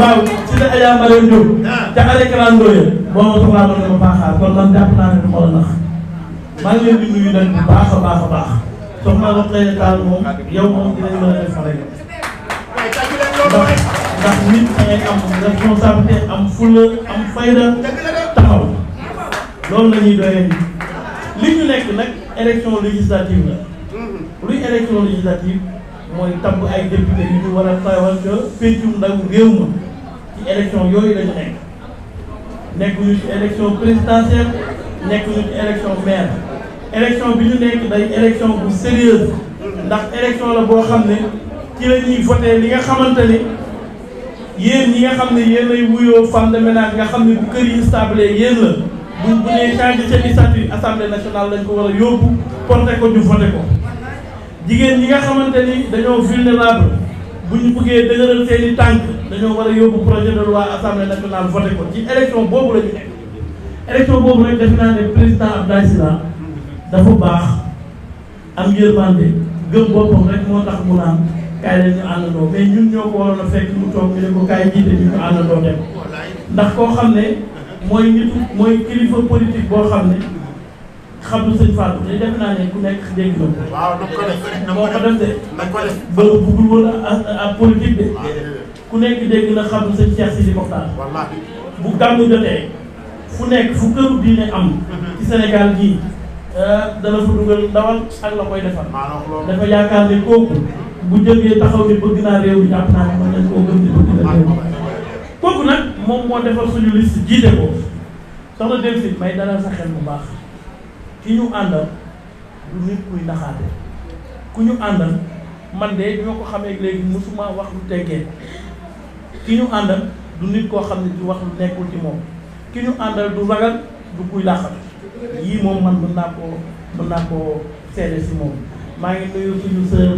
waaw si la Adja Mbaye Ndiob. te ah. arrêté calendrier boo ma soxlaa doon dama baaxaat kon man jàpp naa ne du ma la nax maa ngi leen di nuyu nag bu baax a baax a baax soxna Rokhaya Tall moom yow moom dinañ mën a def rek. ndax nit da ngay am responsabilité am fulla am fayda taxaw loolu la ñuy doyee li ñu nekk nag élection législative la mm-hmm. luy élection législative mooy tabb ay député yu ñu war a tawal que pencum ndaw réew ma. ci élection yooyu lañu nekk nekkuñu ci élection présidentielle nekkuñu ci élection maire élection bi ñu nekk day élection bu sérieuse ndax élection la boo xam ne ci la ñuy voté li nga xamante ni yéen ñi nga xam ne yéen lay wuyoo femme de ménage nga xam ne bu kër yi stable yéen la bu bu nee changé seen i statut assemblée nationale lañ ko war a yóbbu porté ko ñu voté ko jigéen ñi nga xamante ni dañoo vulnérable bu ñu buggee dëgëral seen tànk dañoo war a yóbbu projet de loi assemblée nationale voté ko ci élection boobu la ñu nekk boobu rek defe naa ne président Abdoulaye Sylla dafa baax am yërmande gëm boppam rek moo tax mu naan kaay leen ñu àndandoo mais ñun ñoo ko waroon a fekk mu toog ñu ne ko kaay jiite ñu ko àndandoo dem ndax koo xam ne mooy nitu mooy kilifa politique boo xam ne. xam lu sëñ Fatou te def naa ne ku nekk dégg na ko. na ko def moo ko def de. na ba buggul woon ak politique de. ku nekk dégg na xam lu sëñ Cheikh Sidi Mokhtar. wallaahi bu gàmmu jotee fu nekk fu këru diine am. Mhm. ci Sénégal gii. Euh, dana fa dugal ndawal ak la koy defal. dafa yaakaar ne kooku bu jógee taxaw ni bëgg naa réew mi naa ne mën nañ koo gëm di bëgg kooku nag moom moo defal suñu liste jiite ko soxna Delphine may dalal sa xel bu baax. ki ñu àndal lu nit kuy naxaate ku ñu àndal man de ñoo ko xamee léegi mosuma wax lu teggee ki ñu àndal du nit koo xam ne di wax lu nekkul ci moom ki ñu àndal du ragal du kuy laaxatu yii moom man mën naa koo mën naa koo seede si moom maa ngi nuyu suñu sœur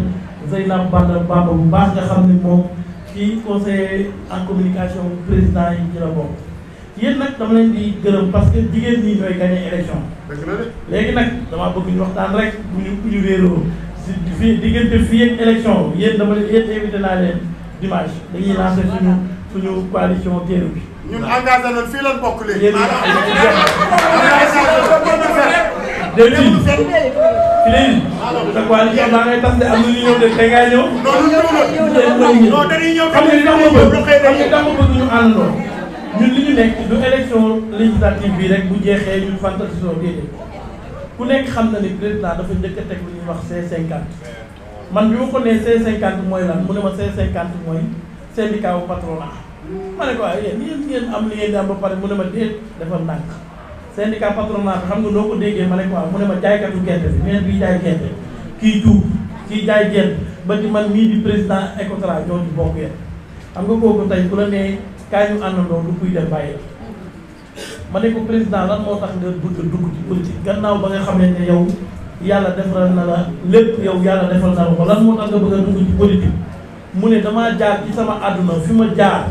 Zeynab Balla Bamba bu baax nga xam ne moom ci conseiller en communication président yi ci bokk yéen nag dama leen di gërëm parce que jigéen ñi ñooy gagné élection. dëgg la léegi nag damaa bëgg ñu waxtaan rek bu ñu bu ñu wéeroo si fii diggante fii ak élection yéen dama leen yéen invité naa leen dimanche dañuy lancé suñu suñu coalition Téeru bi. ñun engagé nañ fii lañ bokk léegi. yéen sa coalition maa ngay tas de am na ñu ñëw de tey ngaa ñëw. non non non non dañuy ñëw xam nga li tax ma bëgg ñu àndandoo nekk du élection législative bi rek bu jeexee ñu fantasisoo déedéet ku nekk xam na ni président dafa njëkk a teg lu ñuy wax c man bi ma ko nee C50 mooy lan mu ne ma C50 mooy syndicat bu patronat ma ne ko waaye ah, yéen yéen ngeen am li ngeen di am ba pare mu ne ma déet dafa ndànk syndicat patronat bi xam nga noo ko déggee ma ne ko waaw ah, mu ne ma jaaykatu gerte bi mais bii jaay gerte kii juub kii jaay gerte ba ci man mii di président Ecotra ñoo ci bokk yéen xam nga kooku kaay ñu àndandoo lu kuy dem bàyyi mm-hmm. ma ne ko président lan moo tax nga bëgg a dugg ci politique gannaaw ba nga xamee ne yow yàlla defal na la lépp yow yàlla defal na la ko lan moo tax nga bëgg a dugg ci politique mu ne damaa jaar ci sama àdduna fi ma jaar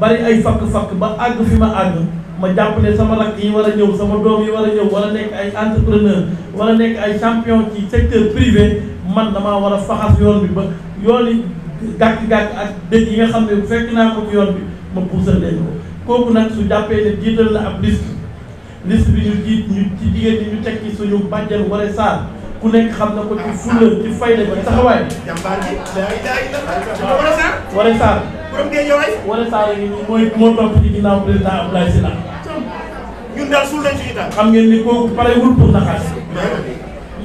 bari ay fakk-fakk ba àgg fi ma àgg ma jàpp sama rakk yi war a ñëw sama doom yi war a ñëw war nekk ay entrepreneur war nekk ay champion ci secteur privé man damaa war a faxas yoon bi ba yoon yi gàkk-gàkk ak yi nga xam ne naa yoon bi ma puusal leen ko kooku nag su jàppee ne jiital na ab liste liste bi ñu jiit ñu ci jigéen ñi ñu teg ci suñu bàjjen wala saar ku nekk xam na ko ci fulla ci fayda ci taxawaay. jàmbaar a wala saar wala saar yi mooy moo topp ci ginnaaw président Abdoulaye Sylla ñun daal suul lañ ci ginnaaw xam ngeen ni kooku pare wul pour naxaat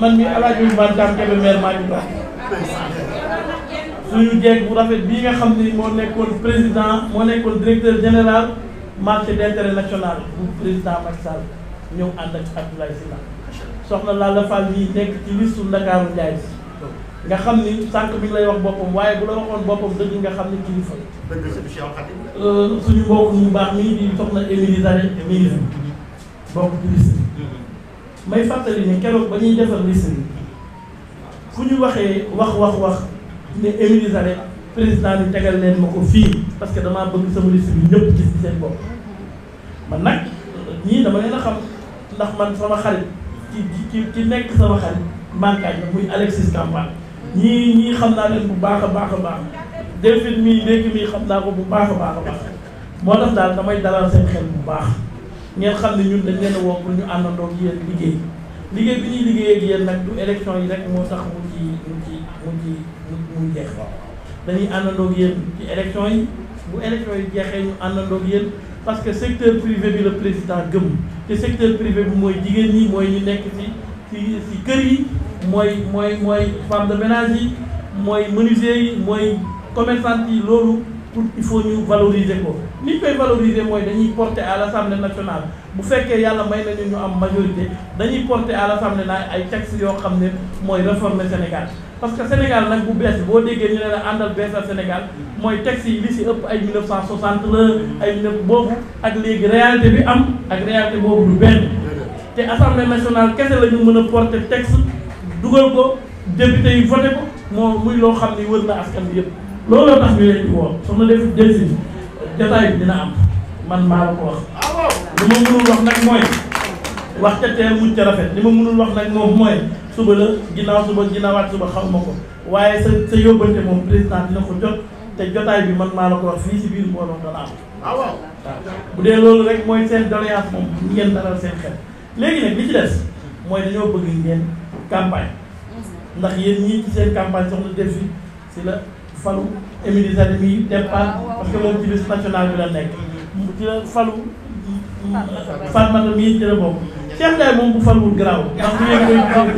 man mi El Hadj Ousmane Thiam Kébé maa ngi suñu jeeg bu rafet bii nga xam ni moo nekkoon président moo nekkoon directeur général marché de national bu président Macky Sall ñëw ànd ak Abdoulaye Sylla soxna Lalla Fall yi nekk ci listu Ndakaaru Njaay si nga xam ni sànq bi lay wax boppam waaye bu la waxoon boppam dëgg nga xam ni kilifa euh, suñu mbokk mu baax mi di soxna Émilie sa Émilie bokk ci liste may fàttali ni keroog ba ñuy defar liste bi fu ñu waxee wax wax wax ne Émilie Sane président bi tegal leen ma ko fii parce que damaa bëgg sama liste bi ñëpp gis seen bopp man nag ñii dama leen a xam ndax man sama xarit ci ci ci nekk sama xarit mankaaj la muy Alexis Campane ñii ñii xam naa leen bu baax a baax a baax défit mii léegi mii xam naa ko bu baax baax a baax moo tax daal damay dalal seen xel bu baax ngeen xam ne ñun dañ leen a woo pour ñu àndandoo ak yéen liggéey liggéey bi ñuy liggéey ak yéen nag du élection yi rek moo tax mu ci mu ci mu mu jeex dañuy àndandoog yéen ci élection yi bu élection yi jeexee ñu àndandoog yéen parce que secteur privé bi le président gëm te secteur privé bi mooy jigéen ñi mooy ñu nekk ci ci ci kër yi mooy mooy mooy femme de ménage yi mooy menuisier yi mooy commerçante yi loolu pour il faut ñu valoriser ko ni ñu koy valoriser mooy dañuy porter à l' national bu fekkee yàlla may nañu ñu am majorité dañuy porter à l' assemblée nationale ay textes yoo xam ne mooy réformer Sénégal parce que Sénégal nag bu bees boo déggee ñu ne la àndal beesal Sénégal mooy texte yi li si ëpp ay 1960 la ay neuf boobu ak léegi réalité bi am ak réalité boobu du benn te assemblée national kese la ñu mën a porter texte dugal ko député yi voté ko moo muy loo xam ni wër na askan bi yëpp looloo tax ñu leen di woo soxna def del si dina am man maa ko wax ah lu ma mënul wax nag mooy wax ca tee muñ ca rafet li ma mënul wax nag moom mooy suba la ginnaaw suba ginnaawaat suba xaw ma ko waaye sa sa yóbbante moom président dina ko jot te jotaay bi man maa la ko wax fii si biir mbooloo dana am ah, waaw bu dee loolu rek mooy seen doléance moom ñi ngeen dalal seen xel léegi nag li ci des mooy dañoo bëgg ngeen campagne ndax yéen ñii ci seen campagne soxna def fi si la falu Émilie Zademi yi départ ah, parce que moom ci liste nationale bi la nekk mm-hmm. falu Fatmata mii ci Cheikh Ndiaye moom bu falul garaaw ndax bu yëg koy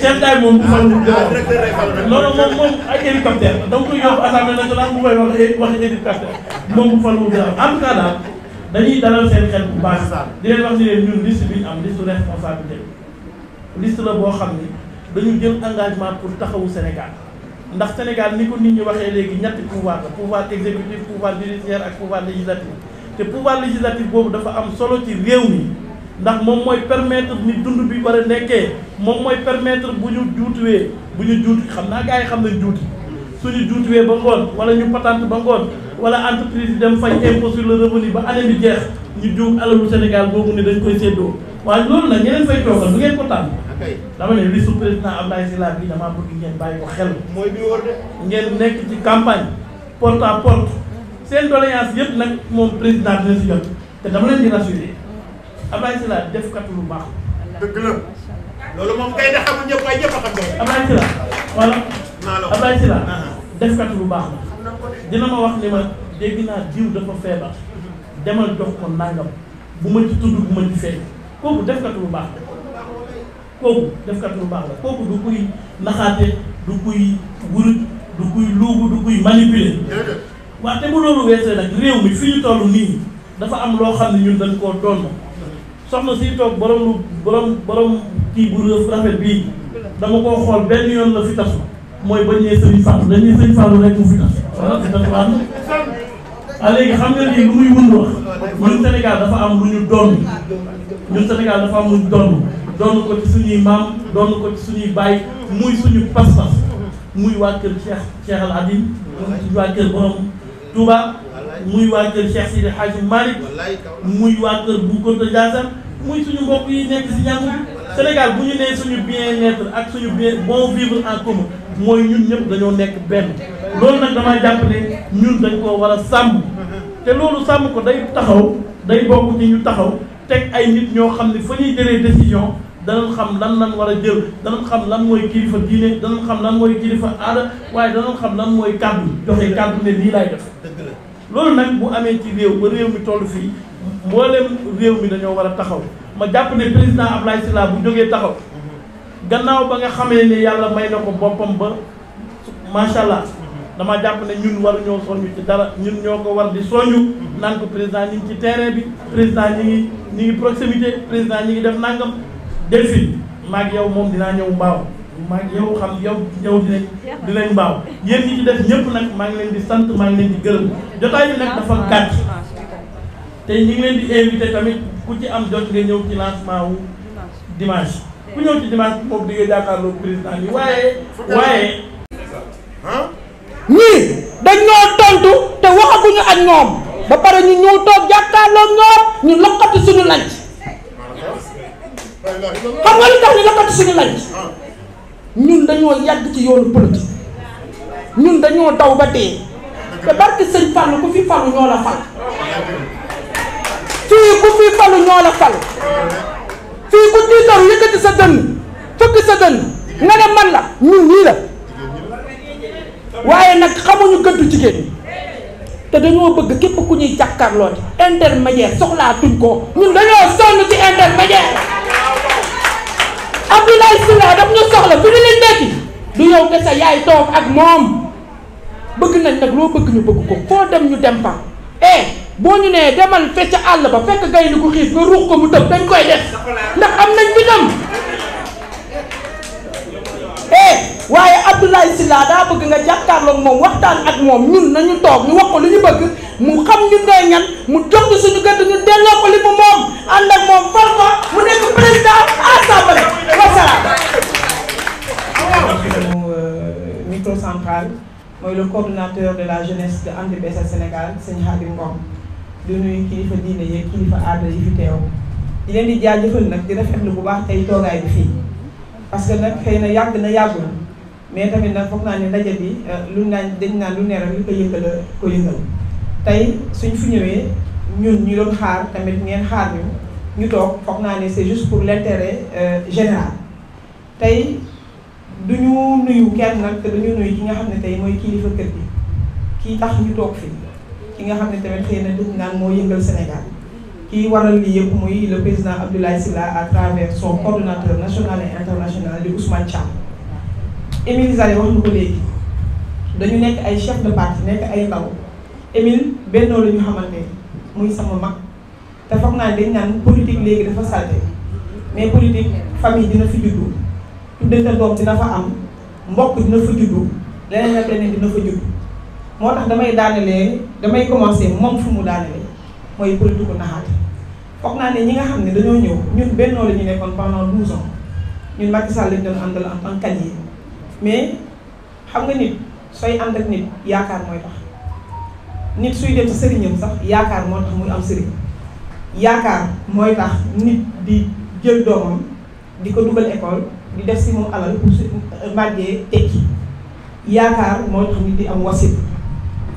Cheikh Ndiaye moom bu falul ah, ah, garaaw loolu ah, moom moom ay hélicoptère da nga koy yóbbu assemblée nationale mu koy wax eh, wax hélicoptère moom bu falul garaaw en tout cas daal dañuy dalal seen xel bu baax ni leen ñun liste bi am liste responsabilité liste la boo xam ni dañu jël engagement pour taxawu Sénégal ndax Sénégal ni ko nit ñi waxee léegi ñetti pouvoir la pouvoir exécutif pouvoir judiciaire ak pouvoir législatif te pouvoir législatif boobu dafa am solo ci réew mi ndax moom mooy permettre ni dund bi war a nekkee moom mooy permettre bu ñu juutuwee bu ñu juuti xam naa gars yi xam nañ juuti su suñu juutuwee ba ngoon wala ñu patente ba ngoon wala entreprise dem fay impôt sur le revenu ba année bi jeex ñu juug alalu Sénégal boobu ne dañ koy séddoo waaye loolu nag ñeneen fay toogal du ngeen ko tànn dama ne li su président Abdoulaye Sylla bi damaa bëgg ngeen bàyyi ko xel mooy bi wóor de ngeen nekk ci campagne porte à seen doléance yëpp nag moom président dina si jot Abdoulaye Sylla defkatu bu baax dëgg la loolu moom kay da xamul ñëpp waaye ñëpp a xam ko Abdoulaye Sylla wala Abdoulaye baax la dina ma wax ni ma dégg naa diw dafa feebar demal jox ko nangam bu ma ci tudd bu ma ci feeñ kooku defkatu lu baax la kooku defkatu bu baax la kooku du kuy naxaate du kuy wurut du kuy luubu du kuy manipuler waaw te bu loolu weesee nag réew mi fi ñu nii dafa am loo xam ne ñun dañ koo doon soxna si toog borom lu borom kii bu rafet bii dama koo xool benn yoon la fi mooy bañ nee sëriñ Fallou dañ nee sëriñ Fallou rek mu fi tas wala fi tas waan ah léegi xam nga lii lu muy wund wax ñun Sénégal dafa am lu ñu doon ñun Sénégal dafa am lu doon doon ko ci suñuy maam doon ko ci suñuy baay muy suñu pas-pas muy waa kër Cheikh Cheikh Al waa kër borom Touba muy waa kër Cheikh Sidi Hadji Malick muy waa kër Boukounta Ndiassane muy suñu mbokk yi nekk si ñàngu bi Sénégal bu ñu nee suñu bien-être ak suñu bien bon vivre en commun mooy ñun ñëpp dañoo nekk benn loolu nag damaa jàpp ne ñun dañ koo war a sàmm te loolu sàmm ko day taxaw day bokk ci ñu taxaw teg ay nit ñoo xam ne fa ñuy jëlee décision danañ xam lan lan war a jël danañ xam lan mooy kilifa diine danañ xam lan mooy kilifa aada waaye danañ xam lan mooy kàddu joxe kàddu loolu nag bu amee ci réew ba réew mi toll fii mboolem réew mi dañoo war a taxaw ma jàpp ne président Abdoulaye Sylla bu jógee taxaw gannaaw ba nga xamee ni yàlla may na ko boppam ba macha allah dama jàpp ne ñun waruñoo soñu ci dara ñun ñoo ko war di soñu naan ko président ñi ngi ci terrain bi président ñi ngi ñi ngi proximité président ñi ngi def nangam delfi maag yow moom dinaa ñëw mbaaw maa ngi yow xam yow yow dinañ dinañ mbaaw yéen ñi ci def ñëpp nag maa ngi leen di sant maa ngi leen di gërëm jotaay bi nag dafa gàtt te ñu ngi leen di invité tamit ku ci am jot nga ñëw ci lancement wu dimanche ku ñëw ci dimanche moom di nga jàkkaarloo président yi waaye waaye ñii dañ ñoo tontu te waxaguñu ak ñoom ba pare ñu ñëw toog jàkkaarloo ñoom ñu lokkati suñu lanc xam nga lu tax ñu lokkati suñu lanc ñun dañoo yàgg ci yoonu politique ñun dañoo daw ba dee te barke sëñ Fallou ku fi falu ñoo la fal fii ku fi falu ñoo la sa dënn fëkk sa dënn nga man la ñun ñii la waaye nag xamuñu gëddu jigéen te dañoo bëgg képp ku ñuy jàkkaarloo intermédiaire soxlaatuñ ko ñun dañoo sonn ci intermédiaire Abdoulaye Sylla daf ñu soxla fi ñu leen nekki du yow kese yaay toog ak moom bëgg nañ nag loo bëgg ñu bëgg ko foo dem ñu dem fa eh boo ñu nee demal fecc àll ba fekk gaynde ku xiif nga ruux ko mu tëb dañ koy def ndax am nañ fi dem eh waaye Abdoulaye Sylla daa bëgg nga jàkkaarloog moom waxtaan ak moom ñun nañu toog ñu wax ko lu ñu bëgg mu xam ñu ngay ñan mu jox suñu gëdd ñu delloo ko li mu moom mooy le coordonnateur de la jeunesse de And Beesal Sénégal sëñ Khadim Ngom di nuyu kilifa diine yeeg kilifa aada yi fi teew di leen di jaajëfal nag di rafetlu bu baax tey toogaay bi fii parce que nag xëy na yàgg na yàggul mais tamit nag foog naa ne ndaje bi euh, lu naan dañ naan lu neeral li ko yëngala ko yëngal tey suñ fi ñëwee ñun ñu doon xaar tamit ngeen xaar ñu ñu toog foog naa ne c'est juste pour l'intérêt euh, général tey du ñu nuyu kenn nag te ñu nuyu ki nga xam ne tey mooy kilifa kër gi kii tax ñu toog fi ki nga xam ne tamit xëy na dañ naan moo yëngal Sénégal kii waral lii yëpp muy le président Abdoulaye Sylla à travers son coordonnateur national et international di Ousmane Thiam. Émile Zale wax na ko léegi dañu nekk ay chef de parti nekk ay ndaw Émile bennoo la ñu xamante muy sama mag te foog naa dañ naan politique léegi dafa salté mais politique famille dina fi juddu. tuddante doom dina fa am mbokk dina fa juddu leneen ak leneen dina fa juddu moo tax damay daanelee damay commencer moom fu mu daanelee mooy politique gu naxaate foog naa ne ñi nga xam ne dañoo ñëw ñun bennoo la ñu nekkoon pendant 12 ans ñun Macky Sall lañ am àndal am tant qu'allié mais xam nga nit sooy am ak nit yaakaar mooy tax nit suy dem ci sëriñam sax yaakaar moo tax muy am sëriñ yaakaar mooy tax nit di jël doomam di ko dugal école. di def si moom alal pour su yaakaar moo tax nit di am wasit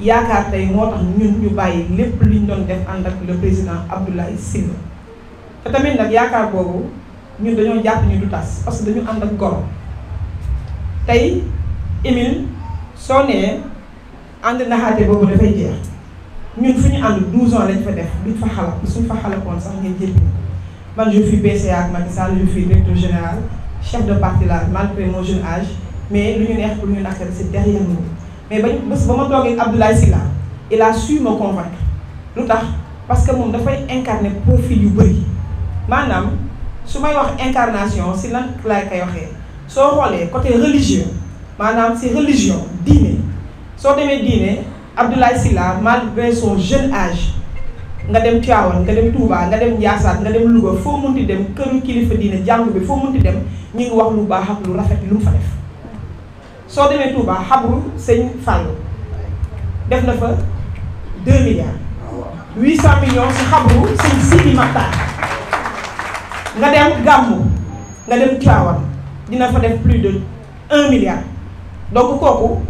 yaakaar tey moo tax ñun ñu bàyyi lépp liñ doon def ànd ak le président Abdoulaye Sylla te tamit nag yaakaar boobu ñun dañoo jàpp ñu du tas parce que dañu ànd ak goro tey Émile soo nee ànd naxaate boobu dafay jeex ñun fi ñu ànd 12 lañu fa def duñ fa xalaat suñ fa xalaat woon sax ngeen jël man je suis BCA ak Macky Sall je suis général. chef de parti la malgré mon jeune âge mais lu ñu neex pour ñu naqari c'est derrière nous mais bañ bés ba ma toogee Abdoulaye Sylla il a su me convaincre lu tax parce que moom dafay incarner profil yu bëri maanaam su may wax incarnation si lan laa koy waxee soo xoolee côté religieux maanaam si religion diine soo demee diine Abdoulaye Sylla malgré son jeune âge nga dem Tivaouane nga dem Touba nga dem Ndiassane nga dem Louga foo munti dem këru kilifa diina jàng bi foo munti dem ñu ngi wax lu baax ak lu rafet lu mu fa def soo demee Touba xabru sëñ Fallou def na fa 2 milliards 800 dem fa def de 1 milliard donc kooku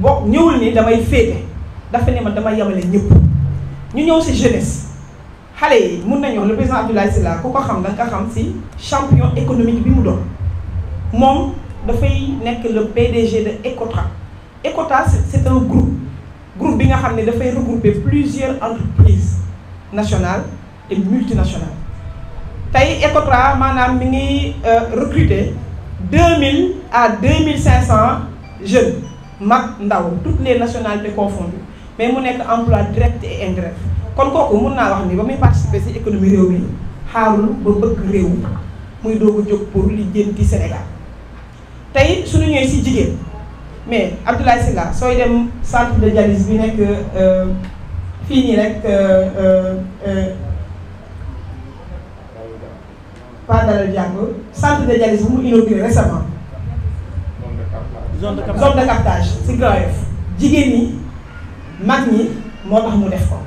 bo ñëwul ni damay féete dafa ne ma dama yemale ñëpp ñu ñëw si jeunesse xale yi mun nañoo le président Abdoulaye Sylla ku ko xam da nga xam si champion économique bi mu doon moom dafay nekk le PDG de Ecotra Ecotra c'est un groupe groupe bi nga xam ne dafay regrouper plusieurs entreprises nationales et multinationales tey Ecotra maanaam mi ngi euh, recruter deux mille à deux mille cinq cents jeunes mag ndaw toutes les nationalités confondues mais mu nekk emploi direct et indirect kon kooku mun naa wax ni ba muy participer ci économie réew mi xaarul ba bëgg réew muy doog a jóg pour li jën ci Sénégal tey suñu ñëwee ci jigéen mais Abdoulaye Sylla sooy dem sant de dialyse bi nekk euh, fii nii rek euh, euh, pas dalal jàng centre de dialyse bu mu inauguré récemment zone de captage zone de captage ci Grand Yoff jigéen ñi mag ñi moo tax mu def ko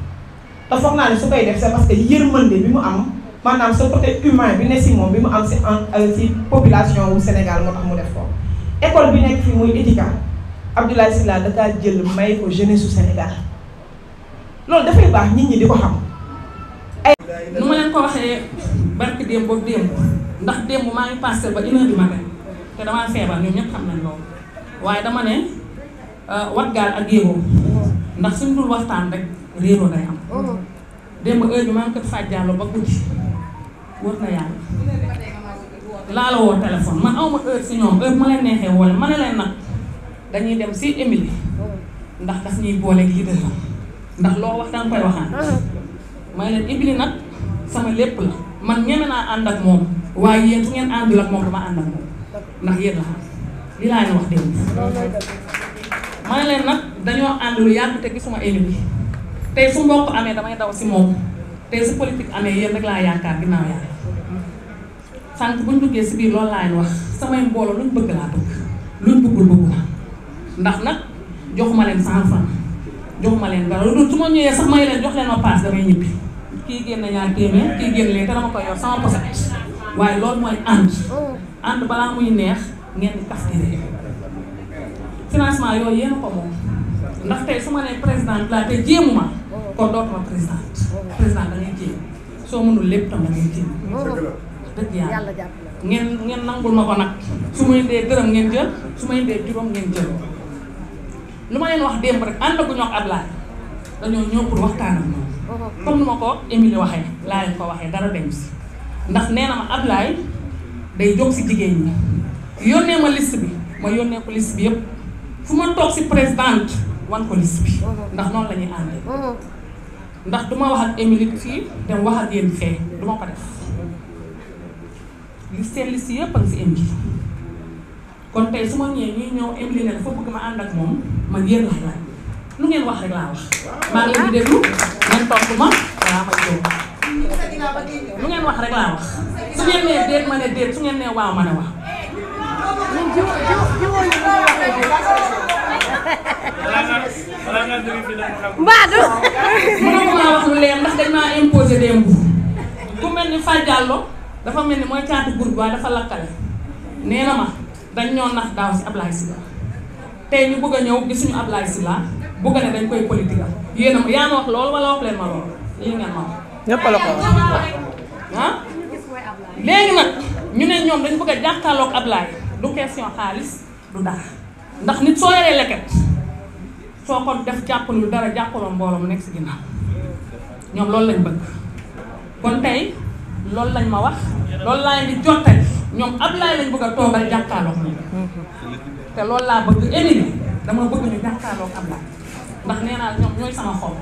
te naa ne su koy def c'est parce que yërmande bi mu am maanaam sa côté humain bi ne si moom bi mu am si en euh, si population wu Sénégal moo tax mu def ko école bi nekk fii muy Etika Abdoulaye Sylla da jël may ko jeunesse su Sénégal loolu dafay baax nit ñi di ko xam. ay nu ma leen ko waxee barki démb boog démb ndax démb maa ngi passé ba une heure du matin te damaa feebar ñoom ñëpp xam nañ loolu waaye dama ne euh, wat gaal ak yéego. ndax suñ dul waxtaan rek réeroo day am. démb heure bi maa ngi ko Fatou ba guddi wër na yàlla. laa la woo téléphone man awma heure si ñoom heure ma leen neexee wala ma leen nag dañuy dem si Émilie ndax daf ñuy booleeg leader la ndax loo wax danga koy waxaan may leen Émilie nag sama lépp la man ñeme naa ànd ak moom waaye yéen su ngeen àndul ak moom dama ànd ak moom ndax yéen la xam li laa ñu wax démb ma ne leen nag dañoo ànd lu yàgg te gisuma ennemi tey su mbokk amee damay daw si moom tey su politique amee yéen rek laa yaakaar ginnaaw yàlla sànq buñ duggee si biir loolu laa wax samay mbooloo luñ bëgg laa bëgg luñ bëggul bëgg la ndax nag joxuma leen cent francs joxuma leen dara loolu su ma ñëwee sax may leen jox leen ma paas damay ñibbi kii génn ñaar téeméer kii génn leen te dama koy yor sama poset waaye loolu mooy ànd oh. ànd balaa muy neex ngeen di tax financement yooyu yéen ko moom ndax tey su ma nee présidente laa te jéemuma kon dootuma présidente présidente jéem soo mënul lépp tam da ngay jéem ngeen ngeen nangul ma ko nag su ma indee dërëm ngeen jël su ma indee juróom ngeen jël lu ma leen wax démb rek ànd gu ñoo Ablaye dañoo ñëw pour waxtaan ak moom comme ma ko Émilie waxee laa leen ko waxee dara dem si ndax nee na ma Ablaye day jóg si jigéen ñi yónnee ma liste bi ma yónnee ko liste bi yëpp fu ma toog si président wan ko liste bi oh. ndax noonu lañuy ñuy àndee oh. ndax du ma wax ak Émilie fii dem wax ak yéen fee du ma ko def li seen liste yëpp a ngi si Émilie kon tey su ma ñëwee ñuy ñëw Émilie ne dafa ma ànd ak moom man yéen laay laaj lu ngeen wax rek laa wax maa ngi leen di déglu ngeen topp ma waaw ma jóg lu ngeen wax rek laa wax su ngeen nee déet ma ne déet su ngeen nee waaw ma ne waaw mbaadu a wax lu leer ndax dañ maa imposé démb ku mel ni Faye Diallo dafa mel ni mooy caatu groupe waaye dafa lakkale nee na ma dañ ñoo nax daaw si Ablaye Sylla tey ñu bëgg a ñëw gisuñu Ablaye Sylla bëgg ne dañ koy politique am yaa ma wax loolu wala wax leen ma loolu lii ngeen ma wax ñëpp ko wax léegi nag ñu ne ñoom dañ bëgg a jàkkaarloog du question xaalis du dara ndax nit soo yoree leket soo ko def jàppalul dara jàppaloo mbooloo mu nekk si ginnaaw ñoom loolu lañ bëgg kon tey loolu lañ ma wax loolu laa di jottali ñoom Ablaye lañ bëgg a toogal jàkkaarloo te loolu laa bëgg émi dama bëgg ñu jàkkaarloo Ablaye ndax nee naa ñoom ñooy sama xol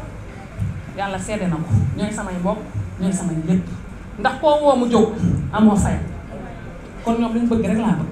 yàlla seede na ko ñooy samay bopp ñooy samay lépp ndax koo woo mu jóg amoo fay kon ñoom li ñu bëgg rek laa bëgg.